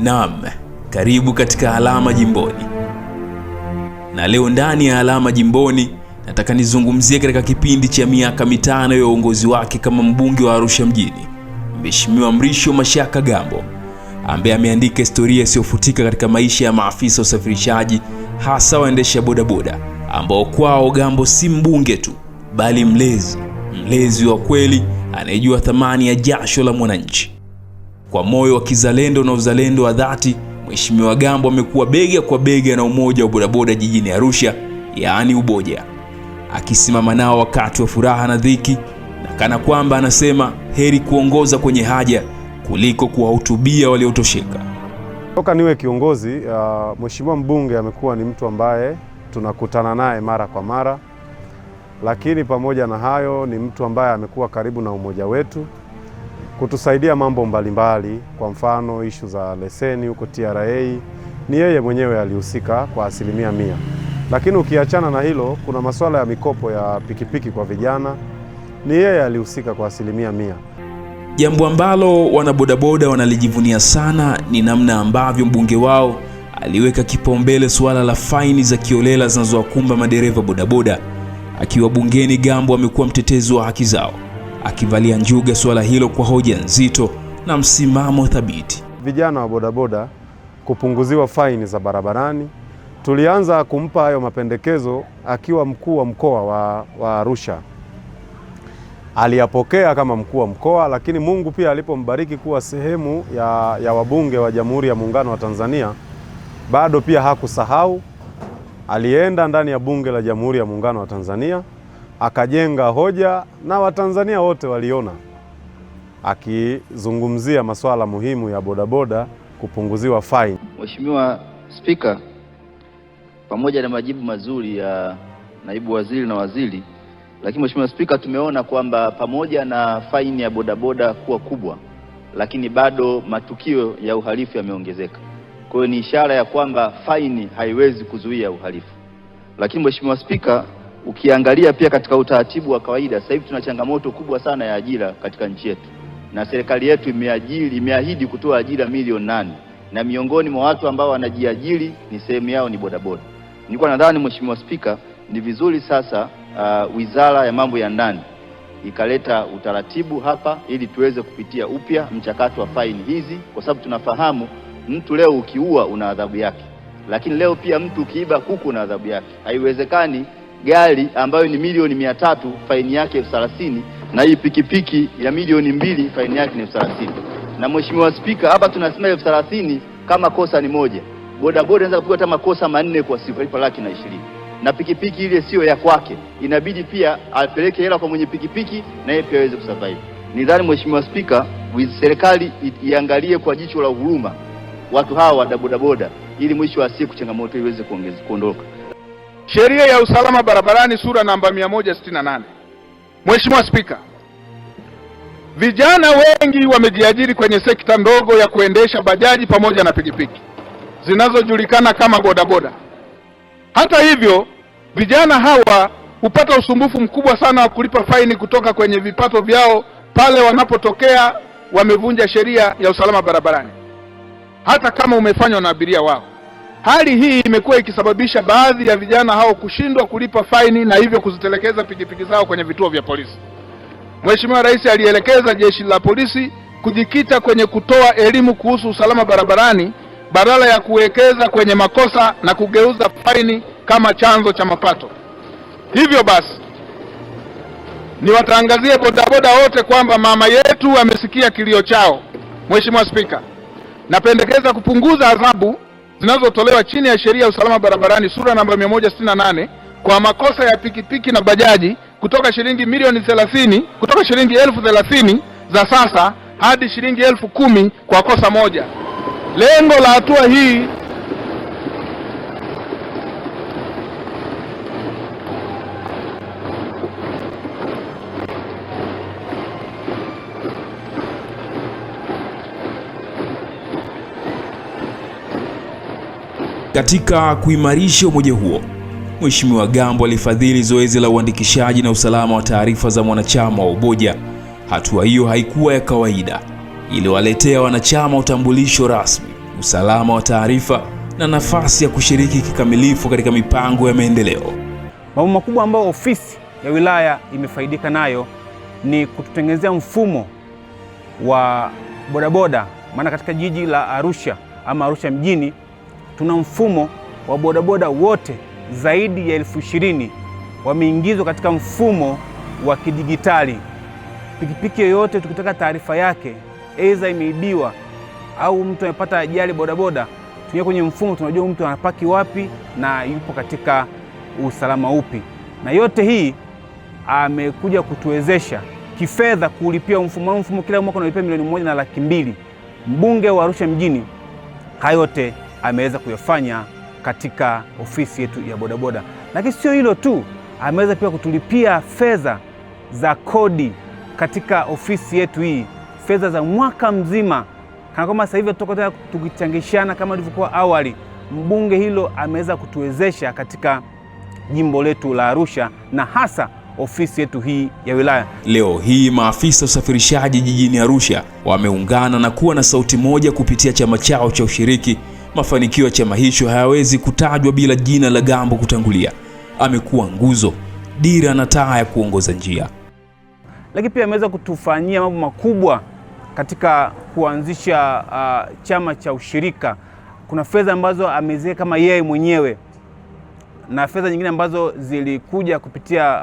Naam, karibu katika Alama Jimboni, na leo ndani ya Alama Jimboni nataka nizungumzie katika kipindi cha miaka mitano ya uongozi wake kama mbunge wa Arusha mjini, Mheshimiwa Mrisho Mashaka Gambo ambaye ameandika historia isiyofutika katika maisha ya maafisa usafirishaji, hasa waendesha bodaboda ambao kwao Gambo si mbunge tu, bali mlezi, mlezi wa kweli anayejua thamani ya jasho la mwananchi. Kwa moyo wa kizalendo na uzalendo wa dhati, Mheshimiwa Gambo amekuwa bega kwa bega na umoja wa bodaboda jijini Arusha, yaani Uboja, akisimama nao wakati wa furaha na dhiki, na kana kwamba anasema heri kuongoza kwenye haja kuliko kuwahutubia waliotosheka. Toka niwe kiongozi uh, Mheshimiwa mbunge amekuwa ni mtu ambaye tunakutana naye mara kwa mara, lakini pamoja na hayo ni mtu ambaye amekuwa karibu na umoja wetu kutusaidia mambo mbalimbali mbali, kwa mfano ishu za leseni huko TRA ni yeye mwenyewe alihusika kwa asilimia mia. Lakini ukiachana na hilo, kuna masuala ya mikopo ya pikipiki kwa vijana ni yeye alihusika kwa asilimia mia. Jambo ambalo wanabodaboda wanalijivunia sana ni namna ambavyo mbunge wao aliweka kipaumbele suala la faini za kiolela zinazowakumba madereva bodaboda. Akiwa bungeni, Gambo amekuwa mtetezi wa haki zao akivalia njuga suala hilo kwa hoja nzito na msimamo thabiti. Vijana wa bodaboda kupunguziwa faini za barabarani, tulianza kumpa hayo mapendekezo akiwa mkuu wa mkoa wa Arusha. Aliyapokea kama mkuu wa mkoa, lakini Mungu pia alipombariki kuwa sehemu ya, ya wabunge wa Jamhuri ya Muungano wa Tanzania, bado pia hakusahau. Alienda ndani ya Bunge la Jamhuri ya Muungano wa Tanzania akajenga hoja na Watanzania wote waliona, akizungumzia masuala muhimu ya bodaboda kupunguziwa faini. Mheshimiwa Spika, pamoja na majibu mazuri ya naibu waziri na waziri, lakini Mheshimiwa Spika, tumeona kwamba pamoja na faini ya bodaboda kuwa kubwa, lakini bado matukio ya uhalifu yameongezeka. Kwa hiyo ni ishara ya kwamba faini haiwezi kuzuia uhalifu. Lakini Mheshimiwa Spika Ukiangalia pia katika utaratibu wa kawaida, sasa hivi tuna changamoto kubwa sana ya ajira katika nchi yetu, na serikali yetu imeajiri, imeahidi kutoa ajira milioni nane na miongoni mwa watu ambao wanajiajiri ni sehemu yao ni bodaboda. Nilikuwa nadhani Mheshimiwa Spika, ni vizuri sasa uh, Wizara ya Mambo ya Ndani ikaleta utaratibu hapa ili tuweze kupitia upya mchakato wa faini hizi, kwa sababu tunafahamu mtu leo ukiua una adhabu yake, lakini leo pia mtu ukiiba kuku una adhabu yake. Haiwezekani gari ambayo ni milioni mia tatu faini yake elfu thelathini na hii pikipiki ya milioni mbili faini yake ni elfu thelathini Na Mheshimiwa Spika, hapa tunasema elfu thelathini kama kosa ni moja, bodaboda inaweza kupigwa hata makosa manne kwa siku alipa laki na ishirini na pikipiki ile siyo ya kwake, inabidi pia apeleke hela kwa mwenye pikipiki na yeye pia aweze kusurvive. Nidhani Mheshimiwa Spika, serikali iangalie kwa jicho la huruma watu hawa wa bodaboda, ili mwisho wa siku changamoto iweze kuondoka. Sheria ya usalama barabarani sura namba 168. Mheshimiwa Spika, vijana wengi wamejiajiri kwenye sekta ndogo ya kuendesha bajaji pamoja na pikipiki zinazojulikana kama bodaboda. Hata hivyo, vijana hawa hupata usumbufu mkubwa sana wa kulipa faini kutoka kwenye vipato vyao pale wanapotokea wamevunja sheria ya usalama barabarani, hata kama umefanywa na abiria wao. Hali hii imekuwa ikisababisha baadhi ya vijana hao kushindwa kulipa faini na hivyo kuzitelekeza pikipiki zao kwenye vituo vya polisi. Mheshimiwa Rais alielekeza jeshi la polisi kujikita kwenye kutoa elimu kuhusu usalama barabarani badala ya kuwekeza kwenye makosa na kugeuza faini kama chanzo cha mapato. Hivyo basi, niwatangazie bodaboda wote kwamba mama yetu amesikia kilio chao. Mheshimiwa Spika, napendekeza kupunguza adhabu zinazotolewa chini ya sheria ya usalama barabarani sura namba 168 kwa makosa ya pikipiki na bajaji kutoka shilingi milioni 30 kutoka shilingi elfu 30 za sasa hadi shilingi elfu kumi kwa kosa moja. Lengo la hatua hii Katika kuimarisha umoja huo, Mheshimiwa Gambo alifadhili zoezi la uandikishaji na usalama wa taarifa za mwanachama wa Umoja. Hatua hiyo haikuwa ya kawaida, iliwaletea wanachama utambulisho rasmi, usalama wa taarifa na nafasi ya kushiriki kikamilifu katika mipango ya maendeleo. Mambo makubwa ambayo ofisi ya wilaya imefaidika nayo ni kututengenezea mfumo wa bodaboda, maana katika jiji la Arusha ama Arusha mjini tuna mfumo wa bodaboda wote zaidi ya elfu ishirini wameingizwa katika mfumo wa kidigitali. Pikipiki yoyote tukitaka taarifa yake, aidha imeibiwa au mtu amepata ajali bodaboda, tuingia kwenye mfumo, tunajua mtu anapaki wapi na yupo katika usalama upi, na yote hii amekuja kutuwezesha kifedha kulipia mfumo. Mfumo kila mwaka unalipia milioni moja na laki mbili. Mbunge wa Arusha mjini hayote ameweza kuyafanya katika ofisi yetu ya bodaboda. Lakini sio hilo tu, ameweza pia kutulipia fedha za kodi katika ofisi yetu hii, fedha za mwaka mzima, kana kwamba sasa hivi tutakuwa tena tukichangishana kama ilivyokuwa awali. Mbunge hilo ameweza kutuwezesha katika jimbo letu la Arusha na hasa ofisi yetu hii ya wilaya. Leo hii maafisa usafirishaji jijini Arusha wameungana na kuwa na sauti moja kupitia chama chao cha ushiriki Mafanikio ya chama hicho hayawezi kutajwa bila jina la Gambo kutangulia. Amekuwa nguzo, dira na taa ya kuongoza njia, lakini pia ameweza kutufanyia mambo makubwa katika kuanzisha uh, chama cha ushirika. Kuna fedha ambazo ameziweka kama yeye mwenyewe na fedha nyingine ambazo zilikuja kupitia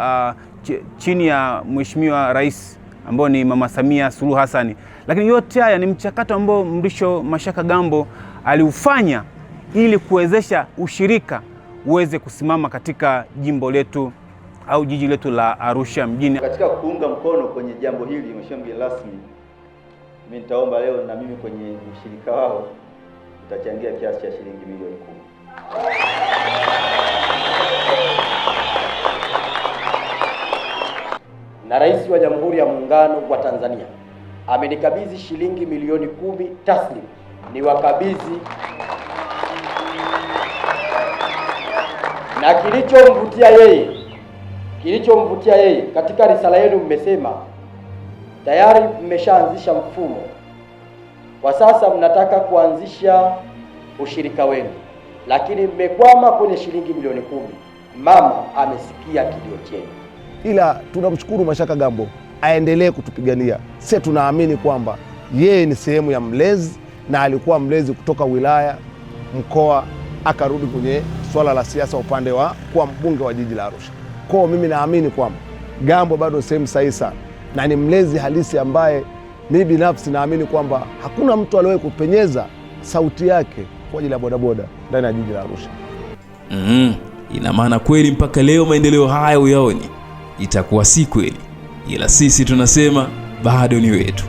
uh, chini ya Mheshimiwa Rais ambao ni Mama Samia Suluhu Hassan, lakini yote haya ni mchakato ambao Mrisho Mashaka Gambo aliufanya ili kuwezesha ushirika uweze kusimama katika jimbo letu au jiji letu la Arusha mjini. Katika kuunga mkono kwenye jambo hili, Mheshimiwa mgeni rasmi, mimi nitaomba leo na mimi kwenye ushirika wao nitachangia kiasi cha shilingi milioni kumi. Na Rais wa Jamhuri ya Muungano wa Tanzania amenikabidhi shilingi milioni kumi taslimu ni wakabizi na kilichomvutia yeye kilichomvutia yeye katika risala yenu mmesema tayari mmeshaanzisha mfumo kwa sasa mnataka kuanzisha ushirika wenu, lakini mmekwama kwenye shilingi milioni kumi. Mama amesikia kilio chenu, ila tunamshukuru Mashaka Gambo aendelee kutupigania. Sisi tunaamini kwamba yeye ni sehemu ya mlezi na alikuwa mlezi kutoka wilaya, mkoa, akarudi kwenye swala la siasa upande wa kuwa mbunge wa jiji la Arusha. Kwao mimi naamini kwamba Gambo bado sehemu sahihi sana na ni mlezi halisi ambaye mi binafsi naamini kwamba hakuna mtu aliwahi kupenyeza sauti yake kwa ajili ya bodaboda ndani ya jiji la Arusha. Mm, ina maana kweli mpaka leo maendeleo haya uyaoni? Itakuwa si kweli, ila sisi tunasema bado ni wetu.